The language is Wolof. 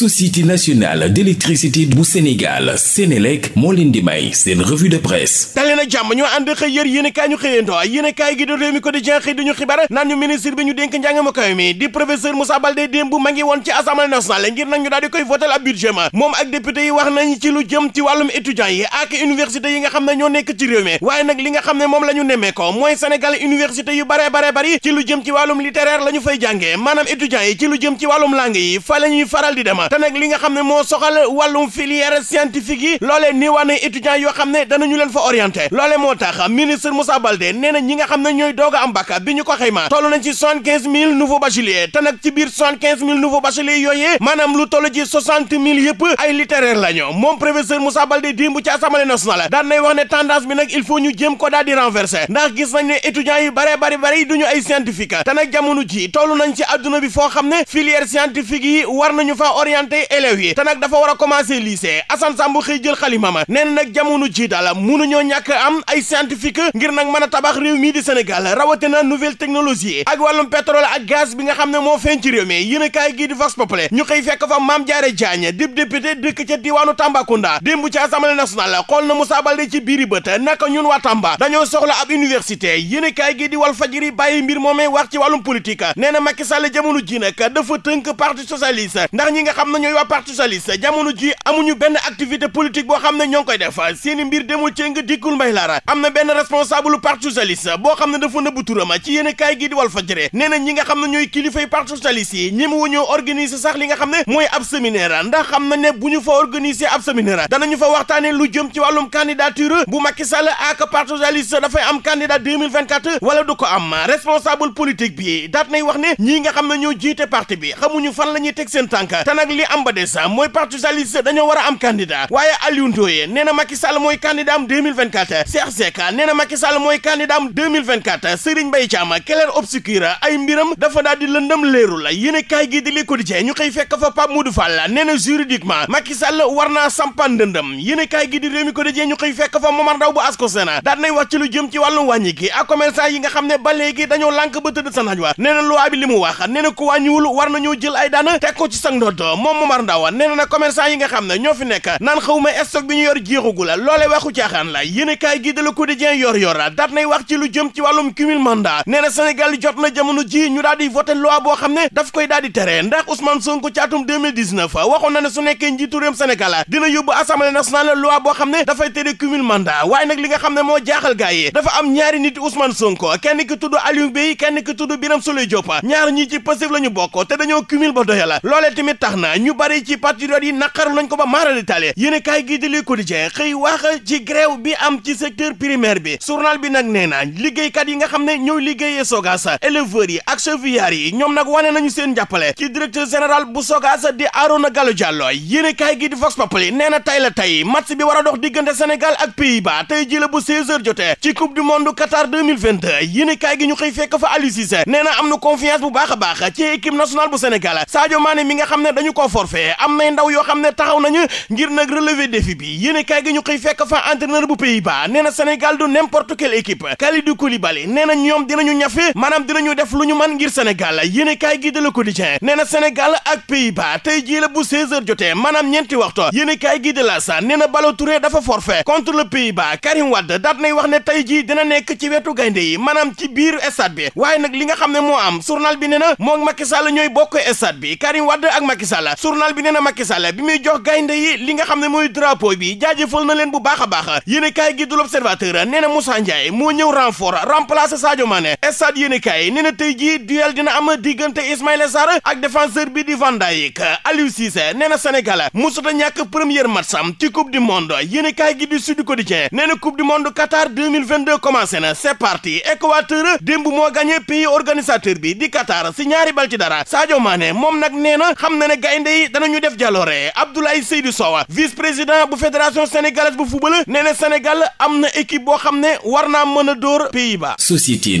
société nationale d'électricité bu Sénégal Sénélec moo leen di may seen revue de presse dalee jàmm ñoo ànd xëy yër yéen i ñu xëyantoo yéen i kaay gi di réew mi ko di jenxëy di ñu xibaar naan ñu ministre bi ñu dénk njàng ma kaw di professeur Moussa Baldé démb ma ngi woon ci assemblée nationale ngir nag ñu daal koy votel ab budget ma moom ak député yi wax nañ ci lu jëm ci wàllum étudiants yi ak université yi nga xam ne ñoo nekk ci réew mi waaye te nag li nga xam ne moo soxal wàllum filière scientifique yi loolee nii waa na yoo xam ne danañu leen fa orienté loolee moo tax ministre Moussa Baldé nee na ñi nga xam ne ñooy doog a am bac bi ñu ko xayma toll nañ ci soixante-quinze mille nouveaux bacheliers te nag ci biir soixante-quinze mille nouveaux bacheliers lu toll ci soixante mille yëpp ay littéraire lañu moom professeur Moussa Baldé démb ci assemblée nationale daan nay wax ne tendance bi nag il faut ñu nañ ne étudiants bi foo xam ne filière scientifique yi nañu fa orienté élèves yi te dafa war a commencé lycée Assane Samb xëy jël xalima ma nee na nag jamono ji daal am ay scientifique ngir nag mën a tabax réew mii di Sénégal rawatina nouvelle technologie ak wàllum pétrole ak gaz bi nga xam ne moo feeñ ci réew mi yéen a kaay gii di Vox Populi ñu xëy fekk fa Mame Diarra Diagne dib député dëkk ca diwaanu Tambacounda démb ci assemblée nationale xool na Moussa Baldé ci biiri bët naka ñun waa Tamba dañoo soxla ab a kaay gii di Walf Fadjri bàyyi mbir moomee wax ci wàllum politique nee ji ndax ñi nga xam xam ne ñooy waa jamono ji amuñu benn activité politique boo xam ne ñoo ngi koy def seeni mbir demul cee nga dikkul mbay laara am na benn responsable parti socialiste boo xam ne dafa nëbbu turam ci yéen kaay gi di Walf Fadjri nee na ñi nga xam ne ñooy kilifay parti socialiste yi ñi mu sax li nga xam ne mooy ab séminaire ndax xam na ne bu ñu fa organiser ab séminaire danañu fa waxtaane lu jëm ci wàllum candidature bu Macky Sall ak parti socialiste dafay am candidat 2024 wala du ko am responsable politique bi daat nay wax ne ñi nga xam ne ñoo jiite parti bi xamuñu fan la ñuy teg seen tànk li am ba des mooy parti socialiste dañoo war am candidat waaye Aliou Ndoye nee na mooy candidat am 2024 Cheikh Seck nee na mooy candidat am 2024 Serigne Mbaye Thiam clair ay mbiram dafa daal di lëndëm leerul yéen kaay gi di Le ñu xëy fekk fa Pape Modou Fall nee na juridiquement Macky Sall naa sampan ndëndëm yéen kaay gi di Rewmi ñu xëy fekk fa Momar Ndaw bu Ascosena daal nay wax ci lu jëm ci wàllu wàññi gi ak commerçant yi nga moom Momar Ndao nee na commerçant yi nga xam ne ñoo fi nekk naan xawma stock bi ñu yor jeexagula loole waxu caaxaan la yéen kaay gi de Le Quotidien yor yor daat nay wax ci lu jëm ci wàllum cumul mandat nee na Sénégal jot na jamono ji ñu daal di voté loi boo xam ne daf koy daal di tere ndax Ousmane Sonko ci atum 2019 waxoon na ne su nekkee njiitu réewum Sénégal dina yóbbu assemblée nationale loi boo xam ne dafay tere cumul mandat waay nag li nga xam ne moo jaaxal gars yi dafa am ñaari nit Ousmane Sonko kenn ki tudd Aliou Bey ki tudd Birame Souleye Diop ñaar ñi ñu bokk te dañoo cumul ba doya la na ñu bari ci patriotes yi naqarlu nañ ko ba maarali tale yéen kaay gii di Le Quotidien xëy wax ci grève bi am ci secteur primaire bi journal bi nag nee na liggéeykat yi nga xam ne ñooy liggéeyee Sogas éleveurs yi ak chevriers yi ñoom nag wane nañu seen jàppale ci directeur général bu Sogas di Arona Gallo Diallo yéen kaay gii di Vox Populi nee na tay la tey match bi war a dox diggante Sénégal ak Pays-Bas tey ji la bu 16h jotee ci coupe du monde Qatar 2022 yéen kaay gi ñu xëy fekk fa Aliou Cissé am na confiance bu a baax nga xam ne dañu ko forfait am nay ndaw yoo xam ne taxaw nañu ngir nag relever défi bi yéene kaay gi ñu xëy fekk fa entraîneur bu Pays-Bas nee na Sénégal du n'importe quelle équipe Kalidou Koulibaly nee na ñoom dinañu ñafe maanaam dinañu def lu ñu man ngir Sénégal yéene kaay gi de Le Quotidien nee na Sénégal ak Pays-Bas tey jii la bu 16h jotee maanaam ñeenti waxtu yéene kaay gi de La Sa nee na Ballo Touré dafa forfait contre le Pays-Bas Karim Wade nay wax ne tey jii dina nekk ci wetu gaynde yi maanaam ci biir stade waaye nag li nga xam ne moo am journal bi nee na moo Macky Sall ñooy bokk stade bi Karim la journal bi nee na Macky Sall bi muy jox gaynde yi li nga xam ne mooy drapeau bi jaajëfal na leen bu baax a baax yéen a kaay gi du l'observateur nee na Moussa Ndiaye moo ñëw renfort remplacer Sadio Mané saa stade yéenekaay nee na tey jii duel dina am diggante Ismaïla Sarr ak défenseur bi di Van Dijk Aliou Cissé senegal na Sénégal musuta ñàkk premier match am ci coupe du monde yéenekaay gi di Sud Quotidien nee na coupe du monde Qatar 2022 commencé na c'est parti Équateur démb moo gagné pays organisateur bi di Qatar si ñaari bal ci dara Sadio Mané moom nag nee na xam na ne gaynde yi danañu def jaloore Abdoulaye Seydou Sow vice-président bu fédération sénégalaise bu football nee na Sénégal am na équipe boo xam ne war naa mën a dóor Pays-Bas société